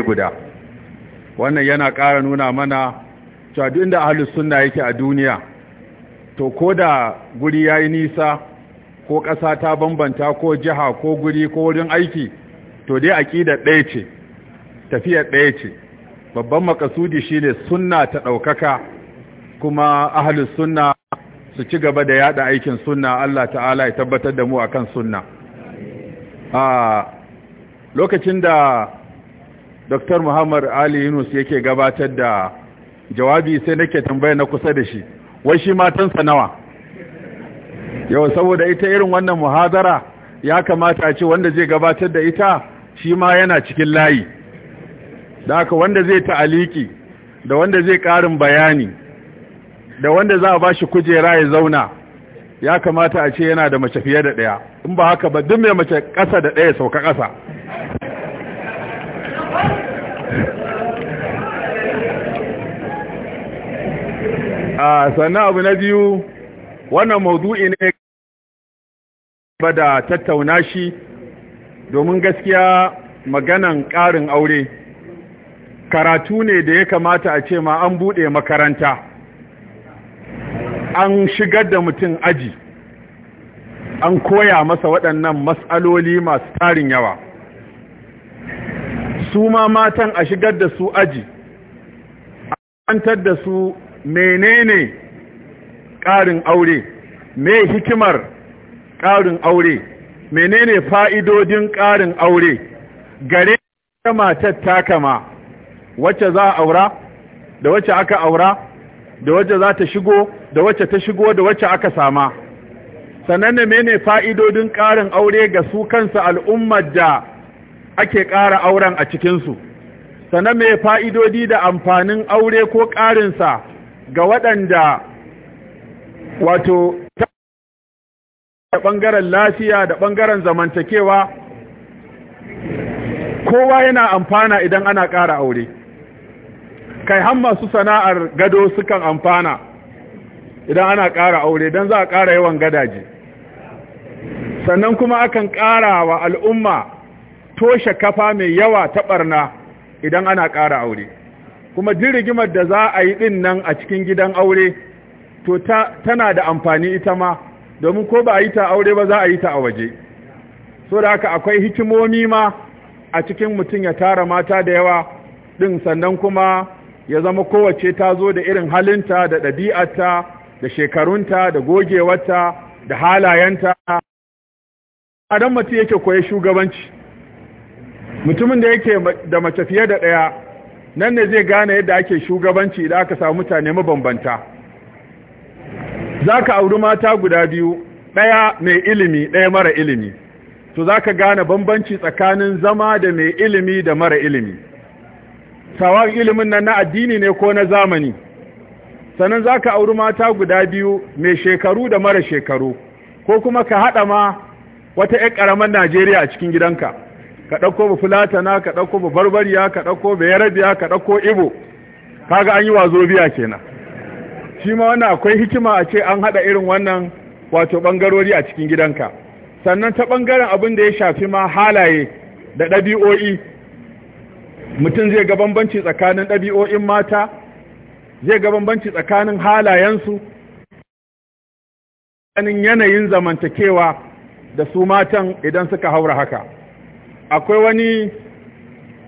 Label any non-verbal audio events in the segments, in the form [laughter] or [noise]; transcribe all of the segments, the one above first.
guda wannan yana ƙara nuna mana cewa duk inda ahlus sunna yake a duniya to ko da guri yayi nisa ko ƙasa ta bambanta ko jiha ko guri ko wurin aiki to dai aƙidar ɗaya ce tafiya ɗaya ce babban makasudi shine sunna ta ɗaukaka kuma ahlus sunna su ci gaba da yada aikin sunna Allah ta'ala ya tabbatar da mu akan sunna a ah, lokacin da dr muhammad ali yunus yake gabatar da jawabi sai nake tambaya na kusa da shi wai shi matansa nawa yau saboda ita irin wannan muhazara ya kamata ce wanda zai gabatar da ita shi ma yana cikin layi da haka wanda zai ta'aliki da wanda zai ƙarin bayani da wanda za a ba shi kujera ya zauna ya kamata a ce yana da mace fiye da ɗaya in ba haka ba duk mai mace ƙasa da ɗaya sauka ƙasa a sannan abu na biyu wannan maudu'i ne ba da tattauna shi domin gaskiya maganan ƙarin aure karatu ne da ya kamata a ce ma an buɗe makaranta an shigar da mutum aji an koya masa waɗannan matsaloli masu tarin yawa su ma matan a shigar da su aji an da su menene ƙarin aure me hikimar ƙarin aure menene fa'idodin ƙarin aure gare ta matar takama wacce za a aura da wacce aka aura da wacce za ta shigo da wacce ta shigo da wacce aka sama sannan da mene fa'idodin ƙarin aure ga su kansu al'ummar da ake ƙara auren a cikinsu sannan mai fa'idodi da amfanin aure ko ƙarinsa ga waɗanda wato da ɓangaren lafiya da ɓangaren zamantakewa kowa yana amfana idan ana ƙara aure kai har masu sana'ar gado sukan amfana idan ana ƙara aure don za a ƙara yawan gadaje sannan kuma akan ƙara wa al'umma toshe kafa mai yawa ta ɓarna idan ana ƙara aure kuma duk rigimar da za a yi ɗin nan a cikin gidan aure to ta, tana da amfani ita ma domin ko ba a yi ta aure ba za a yi ta a waje so da haka akwai hikimomi ma a cikin mutum ya tara mata da yawa ɗin sannan kuma ya zama kowace ta zo da irin halinta da ɗabi'arta da shekarunta da gogewarta da halayenta adam mutum yake koya shugabanci mutumin da yake da mace fiye da ɗaya nan ne zai gane yadda ake shugabanci idan aka samu mutane mabambanta zaka auri mata guda biyu ɗaya mai ilimi ɗaya mara ilimi to za gane bambanci tsakanin zama da mai ilimi da mara ilimi sawan ilimin nan na addini ne ko na zamani sannan zaka auri mata guda biyu mai shekaru da mara shekaru ko kuma ka haɗa ma wata ƴar ƙaramar najeriya a cikin gidanka ka ɗauko ba fulatana ka ɗauko ba barbariya ka ɗauko ba yarabiya ka ɗauko ibo kaga an yi wazobiya kenan shi ma wannan akwai hikima a ce an haɗa irin wannan wato ɓangarori a cikin gidanka sannan ta ɓangaren abin da ya shafi ma halaye da ɗabi'o'i mutum zai ga bambanci tsakanin ɗabi'o'in mata zai ga bambanci tsakanin halayensu tsakanin yanayin zamantakewa da su matan idan suka haura haka akwai wani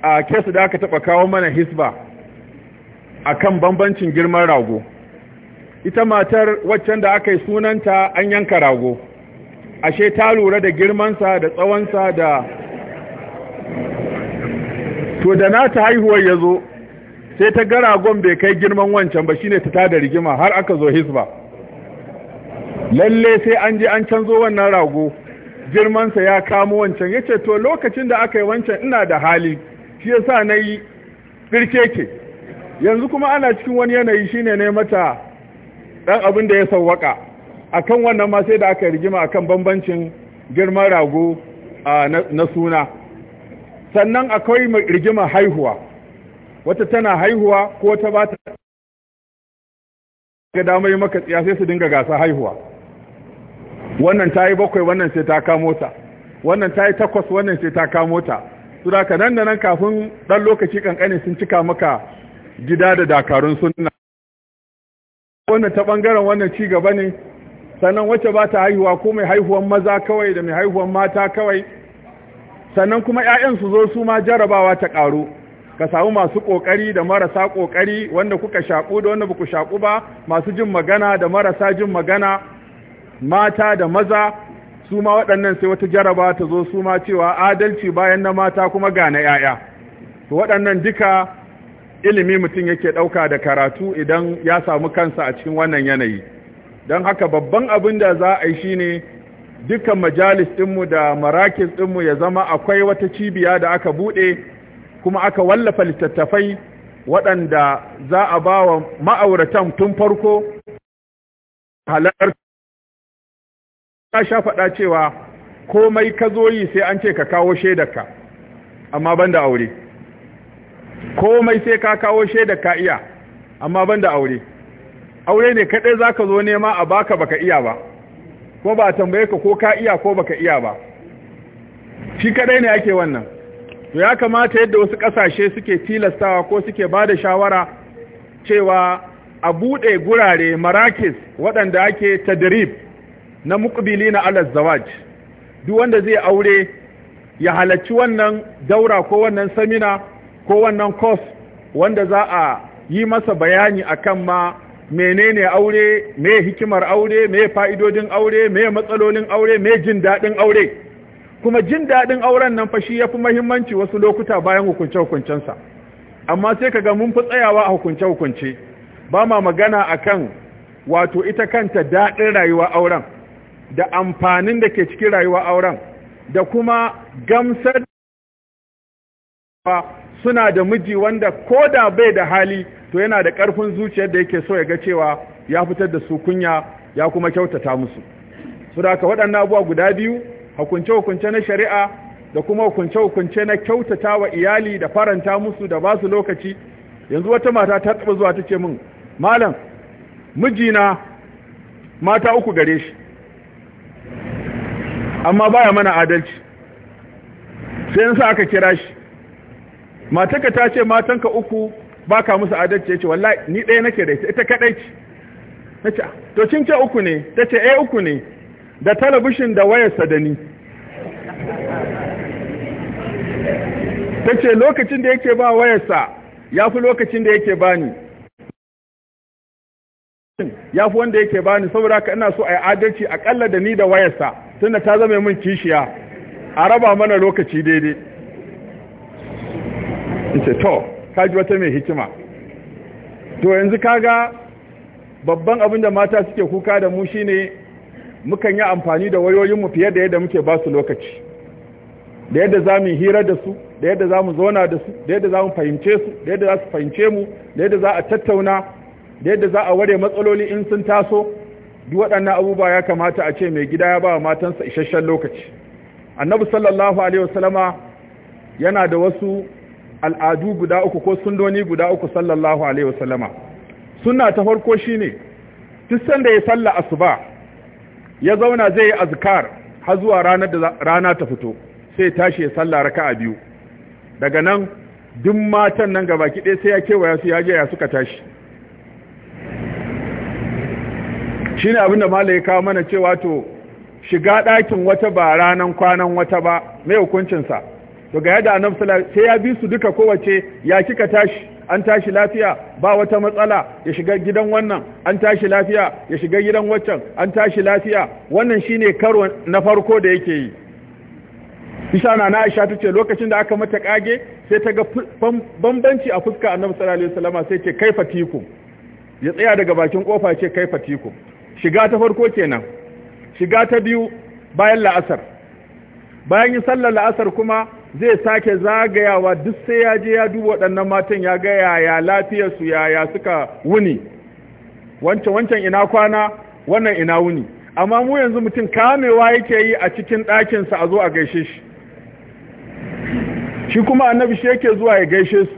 a kesu da aka taba kawo mana hisba kan bambancin girman rago ita matar waccan da aka yi sunanta an yanka rago ashe ta lura da girmansa da tsawonsa da to da na ta haihuwar ya zo sai ta ga ragon bai kai girman wancan ba shine ta tada rigima har aka zo hisba lalle sai an je an canzo wannan rago girmansa ya kamo wancan ya ce to lokacin da aka yi wancan ina da hali shi ya sa na yi birkeke yanzu kuma ana cikin wani yanayi shi ne mata ɗan abin da ya sauwaka kan wannan ma sai da aka rigima a kan bambancin girman rago na suna sannan akwai rigima haihuwa wata tana haihuwa ko ta ba ta ga damar maka tsiya sai su dinga gasa haihuwa wannan ta yi bakwai wannan sai ta kamo ta wannan ta yi takwas wannan sai ta kamo ta su da ka nan da nan kafin ɗan lokaci ƙanƙani sun cika maka gida da dakarun suna wannan ta ɓangaren wannan ci gaba ne sannan wacce ba ta haihuwa ko mai haihuwan maza kawai da mai haihuwan mata kawai sannan kuma 'ya'yan su zo su ma jarabawa ta ƙaru ka samu masu ƙoƙari da marasa ƙoƙari wanda kuka shaƙu da wanda ba ku shaƙu ba masu jin magana da marasa jin magana mata da maza su ma waɗannan sai wata jaraba ta zo su ma cewa adalci bayan na mata kuma ga na 'ya'ya to waɗannan duka ilimi mutum yake ɗauka da karatu idan ya samu kansa a cikin wannan yanayi don haka babban abin da za a yi shi ne dukkan majalis ɗinmu da marakis ɗinmu ya zama akwai wata cibiya da aka buɗe kuma aka wallafa littattafai waɗanda za a ba wa ma'auratan tun farko halartar ta sha faɗa cewa komai ka zo yi sai an ce ka kawo shaidarka amma ban da aure komai sai ka kawo shaidarka iya amma ban da aure aure ne kaɗai za ka zo nema a baka baka iya ba ko ba tambaye ka ko ka iya ko baka iya ba shi kaɗai ne ake wannan to ya kamata yadda wasu ƙasashe suke tilastawa ko suke ba da shawara cewa a buɗe gurare marakis waɗanda ake tadrib na na ala zawaj duk wanda zai aure ya halarci wannan daura ko wannan samina ko wannan course wanda za a yi masa bayani akan ma menene aure me hikimar aure me fa'idodin aure me matsalolin aure me jin dadin aure kuma jin dadin auren nan fa shi yafi muhimmanci wasu lokuta bayan hukunce hukuncensa amma sai kaga mun fi tsayawa a hukunce hukunce ba ma magana akan wato ita kanta dadin rayuwa auren da amfanin da ke cikin rayuwa auren da kuma gamsar suna da miji wanda ko da bai da hali to yana da ƙarfin zuciyar da yake so ya ga cewa ya fitar da su kunya ya kuma kyautata musu su da waɗannan abuwa guda biyu hukunce-hukunce na shari'a da kuma hukunce-hukunce na kyautata wa iyali da faranta musu da ba su lokaci yanzu wata mata ta taɓa zuwa ta ce min malam mijina mata uku gare shi amma baya mana adalci sai nasa aka kira shi matanka ta ce matanka uku baka musu adalci ya ce wallahi ni ɗaya nake da ita kadai kaɗai ce na ce to cin ce uku ne ta ce eh uku ne da talabishin da wayarsa da ni ta ce lokacin da yake ba wayarsa ya fi lokacin da yake ba ni ya fi wanda yake ba ni saboda ka ina so a yi adalci akalla da ni da wayarsa tunda ta zama mun kishiya a raba mana lokaci daidai ita to kaji wata mai hikima to yanzu kaga babban abin da mata suke kuka da mu shine mukan yi amfani da wayoyinmu fiye da yadda muke ba su lokaci da yadda za mu hira da su da yadda za mu zauna da su da yadda za mu fahimce su da yadda za su fahimce mu da yadda za a tattauna da yadda za a ware matsaloli in sun taso duk waɗannan abubuwa ya kamata a ce mai gida ya ba matansa isasshen lokaci annabi sallallahu alaihi wasallama yana da wasu al'adu guda uku ko sundoni guda uku sallallahu alaihi wasallama sunna ta farko shine duk sanda ya salla asuba ya zauna zai yi azkar har zuwa ranar da rana ta fito sai tashi ya salla raka'a biyu daga nan duk matan nan gabaki ɗaya sai ya kewaya su ya je ya suka tashi ne abin da ya kawo mana cewa to shiga ɗakin wata ba ranan kwanan wata ba mai hukuncinsa to ga yadda annabi sai ya bi su duka kowace ya kika tashi an tashi lafiya ba wata matsala ya shiga gidan wannan an tashi lafiya ya shiga gidan waccan an tashi lafiya wannan shine karo na farko da yake yi isa na na aisha tace lokacin da aka mata kage sai ta ga bambanci a fuska annabi sallallahu alaihi wasallama sai ce kaifa tiku ya tsaya daga bakin kofa ce kaifa tiku shiga ta farko kenan shiga ta biyu bayan la'asar bayan yi sallar la'asar kuma zai sake zagayawa duk sai ya je ya duba waɗannan matan ya ga yaya lafiyarsu yaya suka wuni wancan wancan ina kwana wannan ina wuni amma mu yanzu mutum kamewa yake yi a cikin ɗakinsa a zo a gaishe shi shi kuma annabi shi yake zuwa ya gaishe su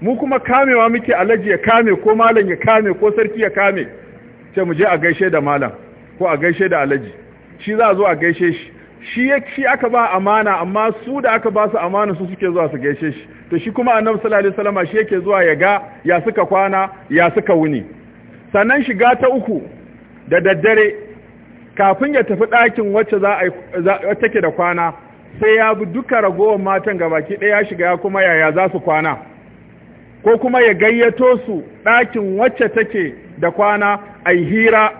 mu kuma kamewa muke alaji ya kame ko malam ya kame ko sarki ya kame ce mu je a gaishe da malam ko a gaishe da alaji shi za a zo a gaishe shi shi shi aka ba amana amma su da aka ba su amana su suke zuwa su gaishe shi to shi kuma annabi sallallahu alaihi wasallam shi yake zuwa ya ga ya suka kwana ya suka wuni sannan shiga ta uku da daddare kafin ya tafi ɗakin wacce za a take da kwana sai ya bi duka ragowar matan gabaki ɗaya shiga ya kuma yaya za su kwana ko kuma ya gayyato su ɗakin wacce take da kwana ai hira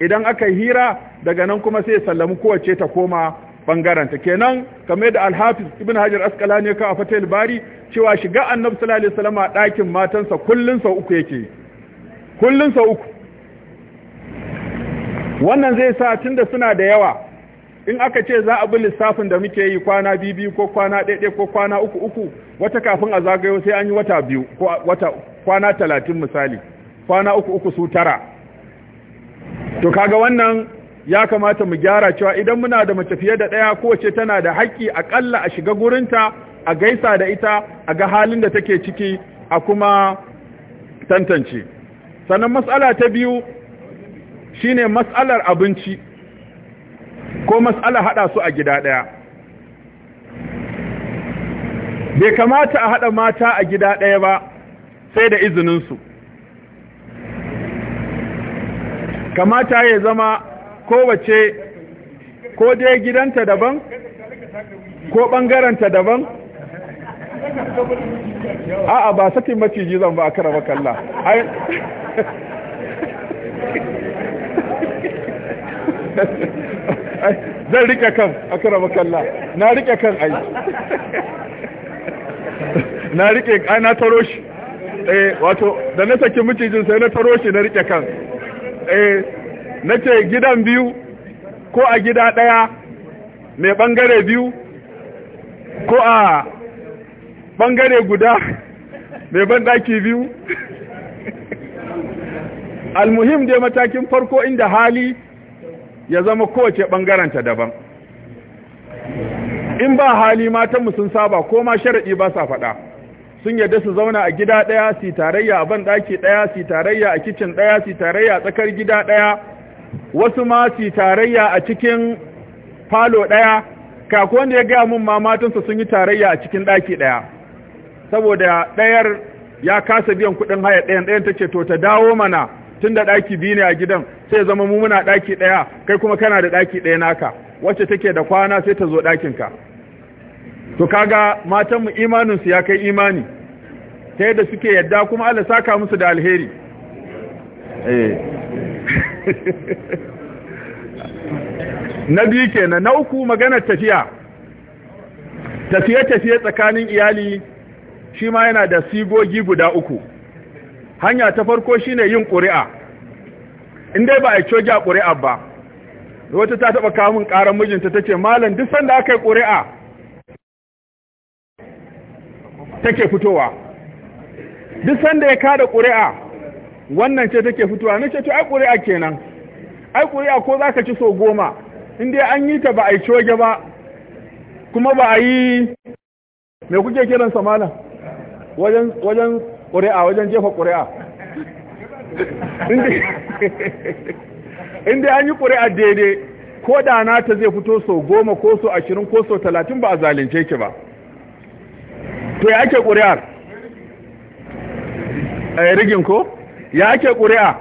idan aka hira daga nan kuma sai sallamu kowace ta koma bangaranta kenan kamar da alhafiz ibn hajar asqalani ya kawo fatal bari cewa shiga annabi sallallahu alaihi wasallam a ɗakin matansa kullun sa uku yake kullun sa uku wannan zai sa tunda suna da yawa in aka ce za a bi lissafin da muke yi kwana bibi ko kwana ɗaiɗai ko kwana uku uku wata kafin a zagayo sai an yi wata biyu ko wata kwana talatin misali kwana uku uku su tara to kaga wannan ya kamata mu gyara cewa idan muna da mace fiye da ɗaya kowace tana da haƙƙi aƙalla a shiga gurinta a gaisa da ita a ga halin da take ciki a kuma tantance sannan matsala ta biyu shine matsalar abinci ko matsala haɗa su a gida ɗaya bai kamata a haɗa mata a gida ɗaya ba sai da izinin su. kamata ya zama kowace ko dai gidanta daban ko ɓangaranta daban a'a ba sakin maciji zan ba a kara makalla [laughs] zan rike kan a kara makalla na rike kan ai na rike ai na taro shi eh, wato da na sakin macijin sai na taro shi na rike kan eh nace gidan biyu ko a gida ɗaya mai ɓangare biyu ko a ɓangare guda [laughs] mai banɗaki biyu [laughs] almuhim dai matakin farko inda hali ya zama kowace ɓangaranta daban in ba hali matanmu sun saba ko ma sharaɗi ba sa faɗa sun yarda su zauna a gida ɗaya su tarayya a ban ɗaki ɗaya su tarayya a kicin ɗaya su tarayya a tsakar gida ɗaya wasu ma su tarayya a cikin falo ɗaya kako wanda ya gaya mun ma matansa sun yi tarayya a cikin ɗaki ɗaya saboda ɗayar ya kasa biyan kuɗin haya ɗayan ɗayan ta ce to ta dawo mana tun da ɗaki biyu ne a gidan sai zama mu muna ɗaki ɗaya kai kuma kana da ɗaki ɗaya naka wacce take da kwana sai ta zo ɗakinka to kaga matanmu imaninsu ya kai imani ta da suke yadda kuma Allah saka musu da alheri eh [laughs] na biyu kenan na uku maganar tafiya tafiye-tafiye tsakanin iyali shi ma yana da sigogi guda uku hanya ta farko shine yin ƙuri'a In dai ba a coja ƙuri'a ba wata ta taɓa kamun ƙarar mijinta ta ce malam duk sanda aka yi ƙuri'a take fitowa duk sanda ya kada ƙuri'a wannan ce take fitowa na ce to ai ƙuri'a kenan ai ƙuri'a ko za ka ci so goma in dai an yi ta ba a yi coge ba kuma ba a yi mai kuke kiran samala wajen wajen ƙuri'a wajen jefa ƙuri'a [laughs] [laughs] in dai an yi ƙuri'a daidai ko da na ta zai fito so goma ko so ashirin ko so talatin ba a zalince ki ba to ya ake ƙuri'a eh rigin ko ya ake ƙuri'a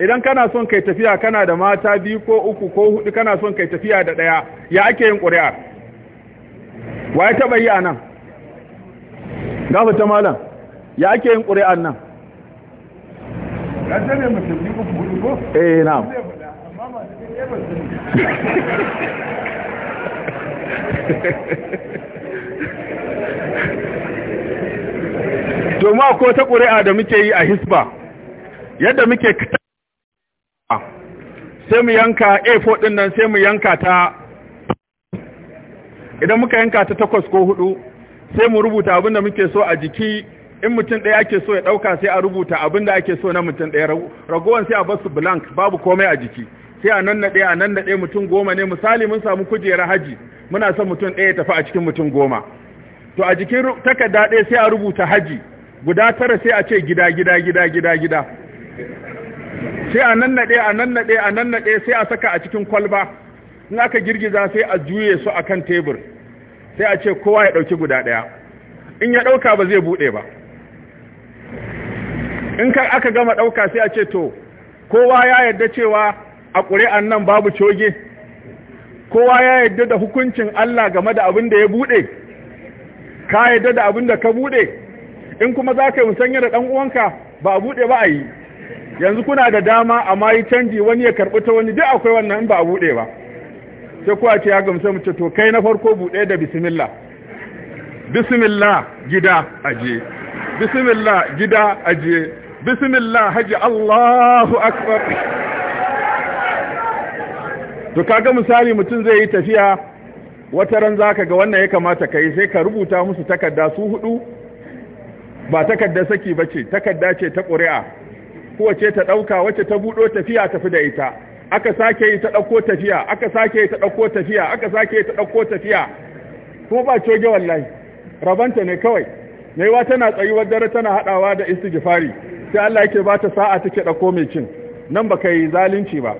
idan kana son kai tafiya kana da mata biyu ko uku ko hudu kana son kai tafiya da ɗaya ya ake yin ƙuri'a wa ya taɓa yi a nan gafa ta malam ya ake yin ƙuri'ar nan eh na [laughs] domin ko ta ƙuri'a da muke yi a hisba yadda muke sai mu yanka a4 ɗin nan sai mu yanka ta idan muka yanka ta takwas ko hudu sai mu rubuta abin da muke so a jiki in mutum ɗaya ake so ya ɗauka sai a rubuta abin da ake so na mutum ɗaya ragowar sai a basu blank babu komai a jiki sai a nan naɗe a nan naɗe mutum goma ne misali mun samu kujerar haji muna son mutum ɗaya ya tafi a cikin mutum goma to a jikin takarda ɗaya sai a rubuta haji guda tara sai a ce gida gida gida gida gida sai a nan nannaɗe a nan nannaɗe a nan nannaɗe sai a saka a cikin kwalba in aka girgiza sai a juye su akan tebur sai a ce kowa ya ɗauki guda ɗaya in ya ɗauka ba zai buɗe ba in ka aka gama ɗauka sai a ce to kowa ya yarda cewa a ƙuri'an nan babu coge kowa ya yarda da hukuncin Allah game da abin da ya buɗe ka yarda da abin da ka buɗe in kuma za ka yi musanya da ɗan uwanka ba a buɗe ba a yi yanzu kuna da dama amma yi canji wani ya karɓi ta wani duk akwai wannan in ba a buɗe ba sai kuwa ce ya gamsa mu to kai na farko buɗe da bismillah bismillah gida aje bismillah gida aje bismillah haji Allahu akbar to kaga misali mutum zai yi tafiya wata ran zaka ga wannan ya kamata kai sai ka rubuta musu takarda su hudu ba takarda saki ba ce takarda ce ta ƙuri'a kowace ta ɗauka wacce ta buɗo tafiya tafi da ita aka sake yi ta ɗauko tafiya aka sake yi ta ɗauko tafiya aka sake yi ta ɗauko tafiya ko ba coge wallahi rabanta ne kawai naiwa tana tsayuwar dare tana haɗawa da istighfari sai Allah yake ba ta sa'a take ɗauko mai cin nan ba yi zalunci ba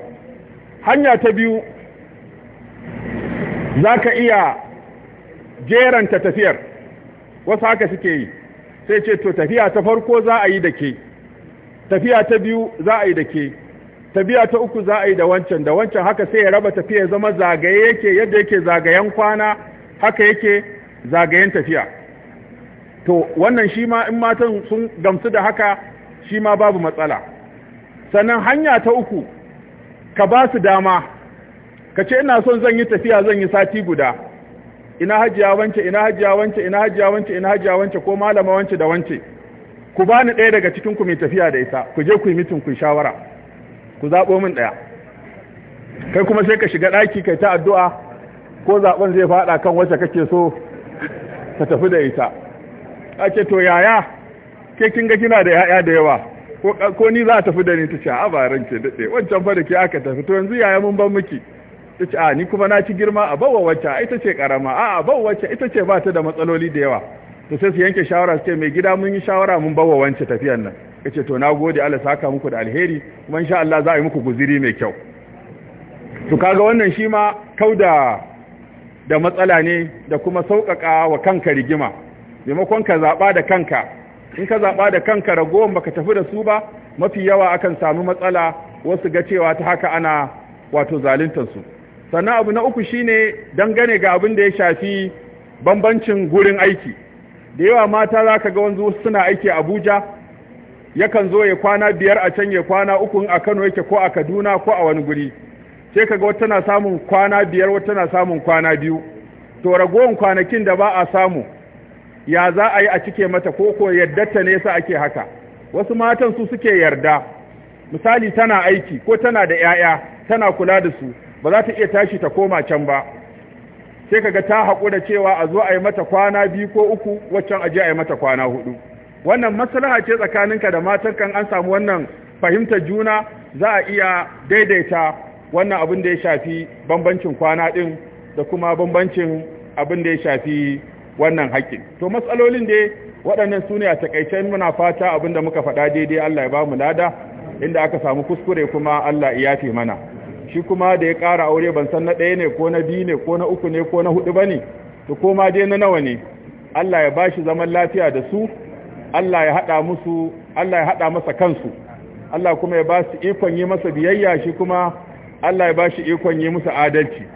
hanya ta biyu za ka iya jeranta tafiyar wasu haka suke yi sai ce to tafiya ta farko za a yi da ke tafiya ta biyu za a yi da ke tafiya ta uku za a yi da wancan da wancan haka sai ya raba tafiya zama zagaye yake yadda yake zagayen kwana haka yake zagayen tafiya to wannan shi ma in matan sun gamsu da haka shi ma babu matsala sannan hanya ta uku ka ba su dama ka ce ina son zan yi tafiya zan yi sati guda ina hajiya wance ina hajiya wance ina hajiya wance ina hajiya wance ko malama wance da wance ku bani ɗaya daga cikin ku mai tafiya da ita ku je ku yi mitin ku shawara ku zaɓo min ɗaya kai kuma sai ka shiga ɗaki kai ta addu'a ko zaɓen zai faɗa kan wacce kake so ka tafi da ita ake to yaya ke kin ga kina da yaya da yawa ko ni za a tafi da ni ta ce a baranke daɗe wancan fa da ke aka tafi to yanzu yaya mun ban miki ta ce a ni kuma na ci girma a bawa wacce ita ce karama a a bawa wacce ita ce ba ta da matsaloli da yawa to sai su yanke shawara su ce mai gida mun yi shawara mun bawa wancan tafiyan nan ya ce to na gode Allah saka muku da alheri kuma insha Allah za a yi muku guziri mai kyau to kaga wannan shi ma kau da da matsala ne da kuma sauƙaƙa wa kanka rigima maimakon ka zaɓa da kanka in ka zaɓa da kanka ragowar baka tafi da su ba mafi yawa akan samu matsala wasu ga cewa ta haka ana wato zaluntar su sannan abu na uku shine dangane ga abin da ya shafi bambancin gurin aiki da yawa mata za ka ga wanzu suna aiki abuja yakan zo ya kwana biyar a can ya kwana uku a kano yake ko a kaduna ko a wani guri sai ga wata na samun kwana biyar wata na samun kwana biyu to ragowar kwanakin da ba a samu ya za a yi a cike mata ko ko yadda ne sa ake haka wasu matan su suke yarda misali tana aiki ko tana da 'ya'ya tana kula da su ba za ta iya tashi ta koma can ba sai kaga ta haƙura cewa a zo a yi mata kwana biyu ko uku waccan aje a yi mata kwana hudu wannan maslaha ce tsakaninka da matan kan an samu wannan fahimtar juna za a iya daidaita wannan abin da ya shafi bambancin kwana din da kuma bambancin abin da ya shafi wannan haƙƙin to matsalolin dai waɗannan su ne a taƙaice muna fata abin da muka faɗa daidai Allah ya ba mu lada inda aka samu kuskure kuma Allah ya yafe mana shi kuma da ya ƙara aure ban san na ɗaya ne ko na biyu ne ko na uku ne ko na hudu ba ne to koma dai na nawa ne Allah ya bashi zaman lafiya da su Allah ya haɗa musu Allah ya haɗa masa kansu Allah kuma ya ba su ikon yi masa biyayya shi kuma Allah ya ba shi ikon yi musu adalci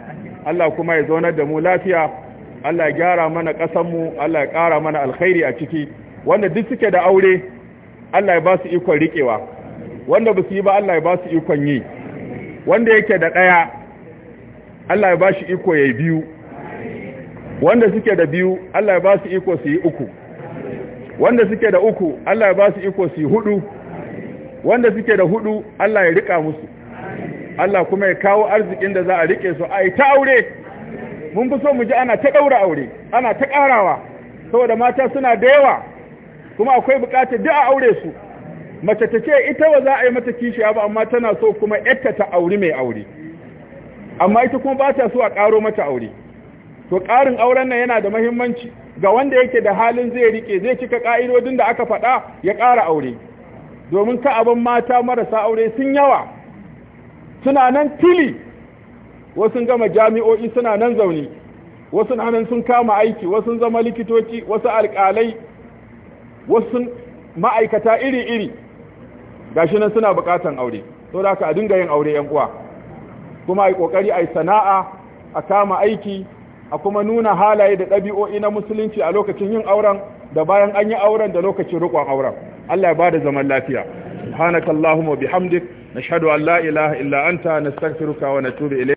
Allah kuma ya zaunar da mu lafiya Allah ya gyara mana ƙasanmu Allah ya ƙara mana alkhairi a ciki wanda duk suke da aure Allah ya ba su ikon riƙewa wanda ba su yi ba Allah ya ba su ikon yi wanda yake da ɗaya Allah ya ba shi iko ya yi biyu wanda suke da biyu Allah ya ba su iko su yi uku wanda suke da uku Allah ya ba su iko su yi hudu wanda suke da hudu Allah ya rika musu Allah kuma ya kawo arzikin da za a rike su a yi ta aure mun fi so mu ji ana ta ɗaura aure ana ta ƙarawa saboda mata suna da yawa kuma akwai buƙatar duk a aure su mace ta ce ita ba za a yi mata kishiya ba amma tana so kuma yadda ta auri mai aure amma ita kuma ba ta so a karo mata aure to ƙarin auren nan yana da mahimmanci ga wanda yake da halin zai rike zai cika ƙa'idodin da aka faɗa ya ƙara aure domin ka abin mata marasa aure sun yawa suna nan tili wasu gama jami'o'i suna nan zaune wasu nan sun kama aiki wasu zama likitoci wasu alƙalai wasu ma'aikata iri-iri gashi nan suna bukatan aure to da a dinga yin aure yan uwa kuma ai kokari ai sana'a a kama aiki a kuma nuna halaye da ɗabi'o'i na musulunci a lokacin yin auren da bayan an yi auren da lokacin rukun auren Allah ya bada zaman lafiya subhanakallahumma bihamdik nashhadu an la ilaha illa anta nastaghfiruka wa natubu